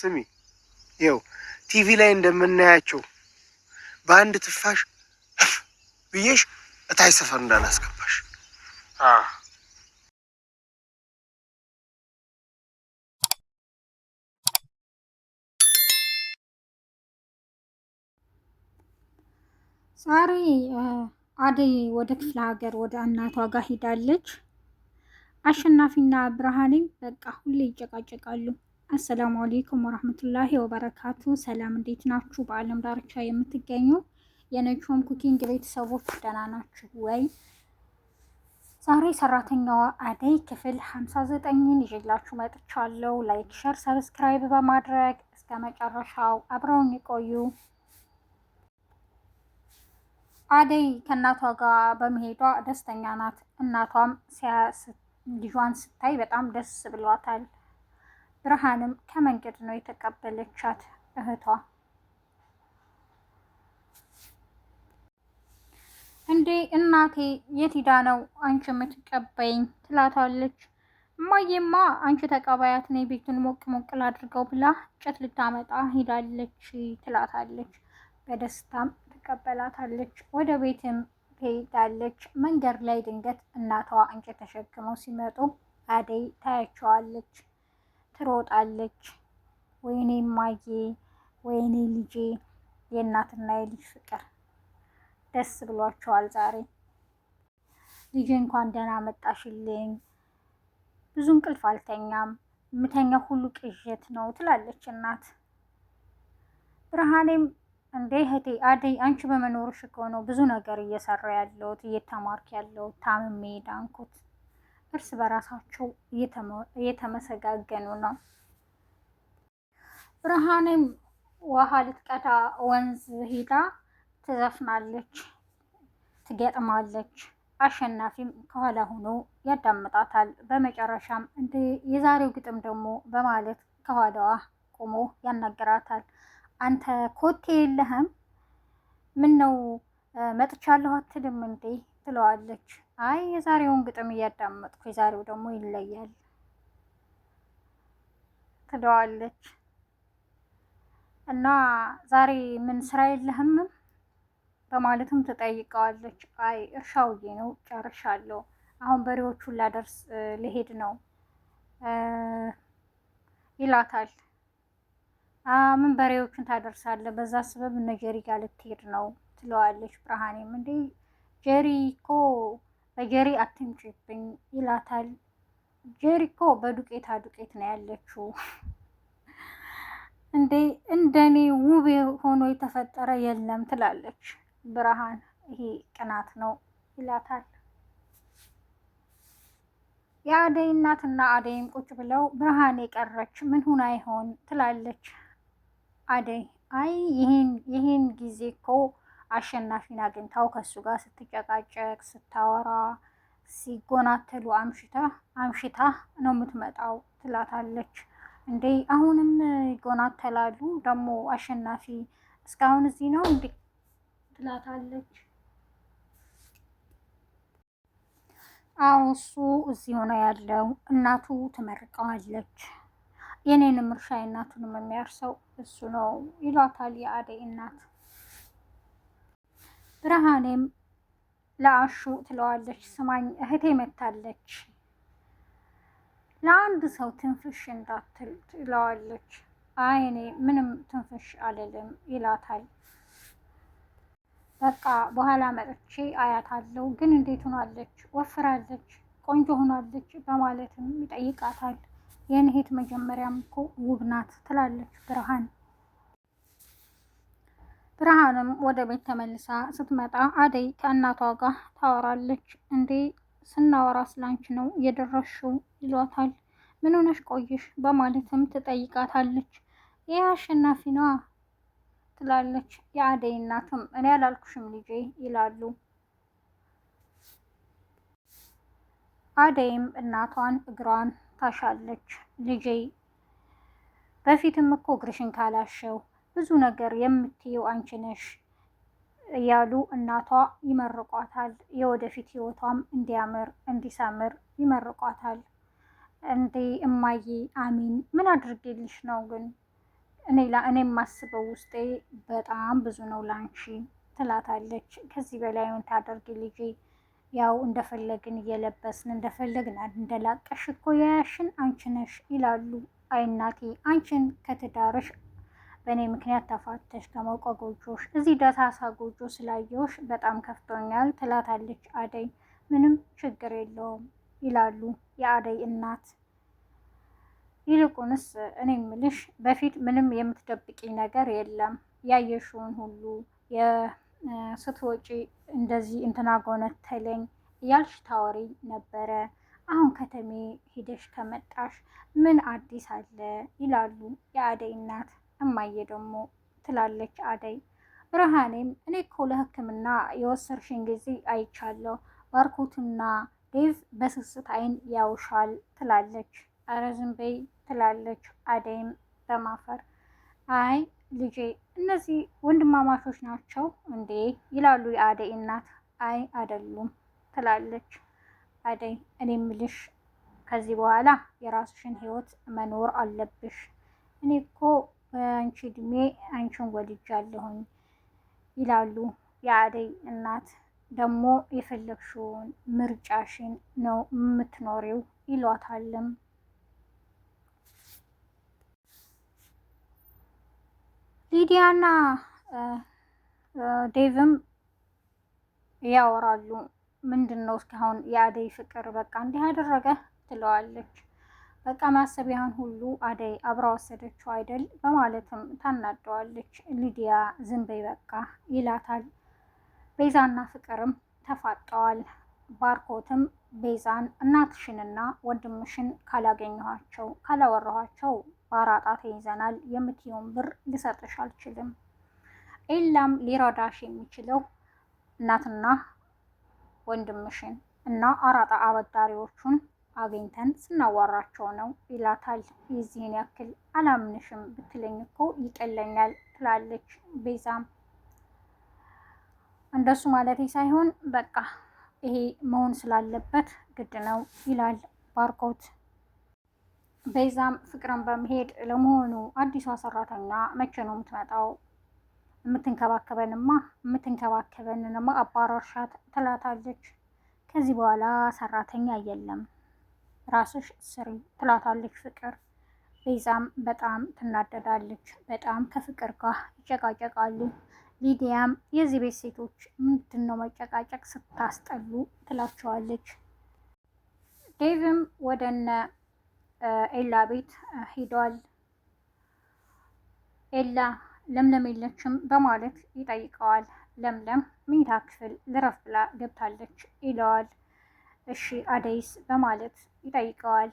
ስሚ፣ ይኸው ቲቪ ላይ እንደምናያቸው በአንድ ትፋሽ ብዬሽ እታይ ሰፈር እንዳላስገባሽ ዛሬ አደይ ወደ ክፍለ ሀገር ወደ እናቷ ጋር ሂዳለች። አሸናፊና ብርሃኔም በቃ ሁሌ ይጨቃጨቃሉ። አሰላሙ አሌይኩም ወራህመቱላሂ ወበረካቱ። ሰላም እንዴት ናችሁ? በአለም ዳርቻ የምትገኙ የነጆም ኩኪንግ ቤተሰቦች ደህና ናችሁ ወይ? ዛሬ ሰራተኛዋ አደይ ክፍል 59ን ይዤላችሁ መጥቻለሁ። ላይክ፣ ሸር፣ ሰብስክራይብ በማድረግ እስከ መጨረሻው አብረውን ይቆዩ አደይ ከእናቷ ጋር በመሄዷ ደስተኛ ናት። እናቷም ልጇን ስታይ በጣም ደስ ብሏታል። ብርሃንም ከመንገድ ነው የተቀበለቻት እህቷ። እንዴ እናቴ የት ሂዳ ነው አንቺ የምትቀበይኝ? ትላታለች። እማዬማ አንቺ ተቀባያት ነይ ቤቱን ሞቅ ሞቅ ላድርገው ብላ እንጨት ልታመጣ ሂዳለች ትላታለች። በደስታም ትቀበላታለች። ወደ ቤትም ትሄዳለች። መንገድ ላይ ድንገት እናቷ እንጨት ተሸክመው ሲመጡ አደይ ታያቸዋለች። ትሮጣለች። ወይኔ ማዬ፣ ወይኔ ልጄ። የእናትና የልጅ ፍቅር ደስ ብሏቸዋል ዛሬ። ልጄ እንኳን ደህና መጣሽልኝ፣ ብዙ እንቅልፍ አልተኛም፣ ምተኛ ሁሉ ቅዠት ነው ትላለች እናት። ብርሃኔም እንዴ እህቴ አደይ፣ አንቺ በመኖርሽ እኮ ነው ብዙ ነገር እየሰራ ያለሁት እየተማርክ ያለሁት ታምሜ ዳንኩት እርስ በራሳቸው እየተመሰጋገኑ ነው። ብርሃንም ውሃ ልትቀዳ ወንዝ ሂዳ ትዘፍናለች፣ ትገጥማለች። አሸናፊም ከኋላ ሆኖ ያዳምጣታል። በመጨረሻም እንደ የዛሬው ግጥም ደግሞ በማለት ከኋላዋ ቆሞ ያናገራታል። አንተ ኮቴ የለህም? ምን ነው መጥቻለሁ አትልም እንዴ? ትለዋለች። አይ የዛሬውን ግጥም እያዳመጥኩ የዛሬው ደግሞ ይለያል ትለዋለች። እና ዛሬ ምን ስራ የለህም በማለትም ትጠይቀዋለች። አይ እርሻውዬ ውዬ ነው ጨርሻለሁ። አሁን በሬዎቹን ላደርስ ልሄድ ነው ይላታል። ምን በሬዎቹን ታደርሳለህ? በዛ ስበብ እነ ጀሪ ጋር ልትሄድ ነው ትለዋለች። ብርሃኔም እንዴ ጀሪ እኮ በጀሪ አትንጭብኝ ይላታል። ጀሪ እኮ በዱቄታ ዱቄት ነው ያለችው። እንዴ እንደኔ ውብ ሆኖ የተፈጠረ የለም ትላለች ብርሃን። ይሄ ቅናት ነው ይላታል። የአደይ እናትና አደይም ቁጭ ብለው ብርሃን የቀረች ምን ሁና ይሆን ትላለች አደይ። አይ ይህን ጊዜ እኮ አሸናፊን አግኝታው ከሱ ጋር ስትጨቃጨቅ ስታወራ ሲጎናተሉ አምሽታ አምሽታ ነው የምትመጣው ትላታለች። እንዴ አሁንም ይጎናተላሉ ደግሞ አሸናፊ እስካሁን እዚህ ነው እንዴ ትላታለች። አዎ እሱ እዚህ ሆነ ያለው እናቱ ትመርቀዋለች። የኔንም እርሻ የእናቱንም የሚያርሰው እሱ ነው ይሏታል የአደይ እናት ብርሃኔም ለአሹ ትለዋለች፣ ስማኝ እህቴ መታለች፣ ለአንድ ሰው ትንፍሽ እንዳትል ትለዋለች። አይኔ ምንም ትንፍሽ አልልም ይላታል። በቃ በኋላ መጥቼ አያታለሁ፣ ግን እንዴት ሆናለች? ወፍራለች፣ ቆንጆ ሆናለች በማለትም ይጠይቃታል። የንሄት መጀመሪያም እኮ ውብ ናት ትላለች ብርሃን ብርሃንም ወደ ቤት ተመልሳ ስትመጣ አደይ ከእናቷ ጋር ታወራለች። እንዴ ስናወራ ስላንች ነው የደረሽው ይሏታል። ምን ሆነሽ ቆይሽ በማለትም ትጠይቃታለች። ይህ አሸናፊ ነዋ ትላለች። የአደይ እናትም እኔ ያላልኩሽም ልጄ ይላሉ። አደይም እናቷን እግሯን ታሻለች። ልጄ በፊትም እኮ እግርሽን ካላሸው ብዙ ነገር የምትየው አንቺ ነሽ እያሉ እናቷ ይመርቋታል። የወደፊት ህይወቷም እንዲያምር እንዲሰምር ይመርቋታል። እንዴ እማዬ አሚን ምን አድርጌልሽ ነው ግን እኔ እኔ የማስበው ውስጤ በጣም ብዙ ነው ላንቺ ትላታለች። ከዚህ በላይ ምን ታደርጊ ልጄ፣ ያው እንደፈለግን እየለበስን እንደፈለግን እንደላቀሽ እኮ የያሽን አንቺ ነሽ ይላሉ። አይ እናቴ አንቺን ከትዳርሽ በእኔ ምክንያት ተፋተሽ ከሞቀ ጎጆሽ እዚህ ደሳሳ ጎጆ ስላየሁሽ በጣም ከፍቶኛል ትላታለች አደይ። ምንም ችግር የለውም ይላሉ የአደይ እናት። ይልቁንስ እኔ ምልሽ በፊት ምንም የምትደብቂኝ ነገር የለም ያየሽውን ሁሉ ስትወጪ እንደዚህ እንትና ጎነት ተለኝ እያልሽ ታወሪ ነበረ። አሁን ከተሜ ሂደሽ ከመጣሽ ምን አዲስ አለ ይላሉ የአደይ እናት። እማዬ ደግሞ ትላለች አደይ። ብርሃኔም እኔ እኮ ለሕክምና የወሰድሽን ጊዜ አይቻለሁ ባርኮትና ዴቭ በስስት አይን ያውሻል ትላለች። ኧረ ዝም በይ ትላለች አደይም በማፈር አይ ልጄ እነዚህ ወንድማማቾች ናቸው እንዴ ይላሉ የአደይ እናት። አይ አይደሉም ትላለች አደይ። እኔ ምልሽ ከዚህ በኋላ የራስሽን ህይወት መኖር አለብሽ። እኔ እኮ በአንቺ እድሜ አንቺን ወድጃለሁኝ ይላሉ የአደይ እናት። ደግሞ የፈለግሽውን ምርጫሽን ነው የምትኖሪው ይሏታልም። ሊዲያና ዴቭም ያወራሉ። ምንድን ነው እስካሁን የአደይ ፍቅር በቃ እንዲህ ያደረገ ትለዋለች። በቃ ማሰቢያን ሁሉ አደይ አብራ ወሰደችው አይደል በማለትም ታናደዋለች። ሊዲያ ዝም በይ በቃ ይላታል። ቤዛና ፍቅርም ተፋጠዋል። ባርኮትም ቤዛን እናትሽንና ወንድምሽን ካላገኘኋቸው ካላወራኋቸው በአራጣ ተይዘናል፣ የምትየውን ብር ልሰጥሽ አልችልም። ኤላም ሊረዳሽ የሚችለው እናትና ወንድምሽን እና አራጣ አበዳሪዎቹን አግኝተን ስናዋራቸው ነው ይላታል። የዚህን ያክል አላምንሽም ብትለኝ እኮ ይቀለኛል ትላለች ቤዛም። እንደሱ ማለቴ ሳይሆን በቃ ይሄ መሆን ስላለበት ግድ ነው ይላል ባርኮት። ቤዛም ፍቅርን በመሄድ ለመሆኑ አዲሷ ሰራተኛ መቼ ነው የምትመጣው? የምትንከባከበንማ የምትንከባከበንንማ አባራርሻት ትላታለች። ከዚህ በኋላ ሰራተኛ የለም ራስሽ ስሪ ትላታለች ፍቅር። ቤዛም በጣም ትናደዳለች። በጣም ከፍቅር ጋር ይጨቃጨቃሉ። ሊዲያም የዚህ ቤት ሴቶች ምንድን ነው መጨቃጨቅ ስታስጠሉ ትላቸዋለች። ዴቭም ወደነ ኤላ ቤት ሄዷል ኤላ ለምለም የለችም በማለት ይጠይቀዋል። ለምለም ምኝታ ክፍል ልረፍ ብላ ገብታለች ይለዋል። እሺ አደይስ በማለት ይጠይቀዋል።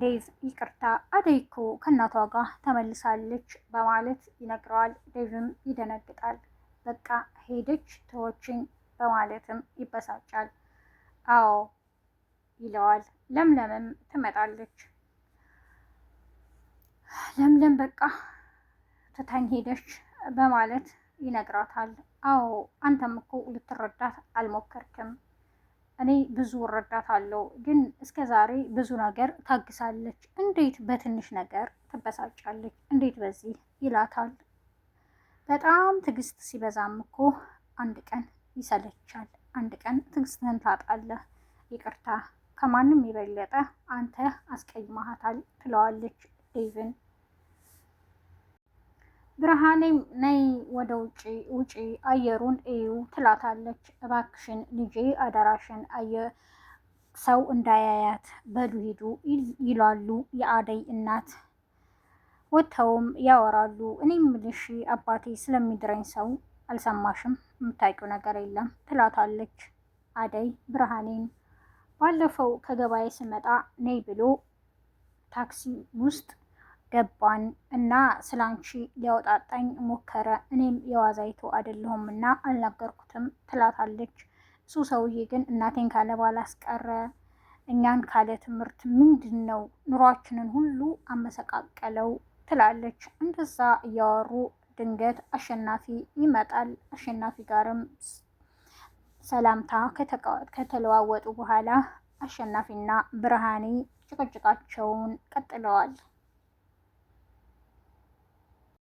ዴቭ ይቅርታ አደይ እኮ ከእናቷ ጋር ተመልሳለች በማለት ይነግረዋል። ዴቭም ይደነግጣል። በቃ ሄደች ተወችኝ በማለትም ይበሳጫል። አዎ ይለዋል። ለምለምም ትመጣለች። ለምለም በቃ ትታኝ ሄደች በማለት ይነግራታል። አዎ አንተም እኮ ልትረዳት አልሞከርክም እኔ ብዙ እረዳታለሁ፣ ግን እስከ ዛሬ ብዙ ነገር ታግሳለች። እንዴት በትንሽ ነገር ትበሳጫለች? እንዴት በዚህ ይላታል። በጣም ትዕግስት ሲበዛም እኮ አንድ ቀን ይሰለቻል። አንድ ቀን ትዕግስትህን ታጣለህ። ይቅርታ ከማንም የበለጠ አንተ አስቀይመሃታል ትለዋለች ዴቭን ብርሃኔ ነይ ወደ ውጪ ውጪ አየሩን እዩ ትላታለች። እባክሽን ልጄ አደራሽን አየ ሰው እንዳያያት በሉ ሂዱ ይላሉ የአደይ እናት። ወጥተውም ያወራሉ። እኔ ምልሽ አባቴ ስለሚድረኝ ሰው አልሰማሽም? የምታውቂው ነገር የለም ትላታለች አደይ ብርሃኔን። ባለፈው ከገበያ ስመጣ ነይ ብሎ ታክሲ ውስጥ ገባን እና ስላንቺ ሊያወጣጣኝ ሞከረ። እኔም የዋዛይቱ አይደለሁም እና አልነገርኩትም ትላታለች። እሱ ሰውዬ ግን እናቴን ካለ ባላስቀረ እኛን ካለ ትምህርት ምንድን ነው ኑሯችንን ሁሉ አመሰቃቀለው ትላለች። እንደዛ እያወሩ ድንገት አሸናፊ ይመጣል። አሸናፊ ጋርም ሰላምታ ከተለዋወጡ በኋላ አሸናፊና ብርሃኔ ጭቅጭቃቸውን ቀጥለዋል።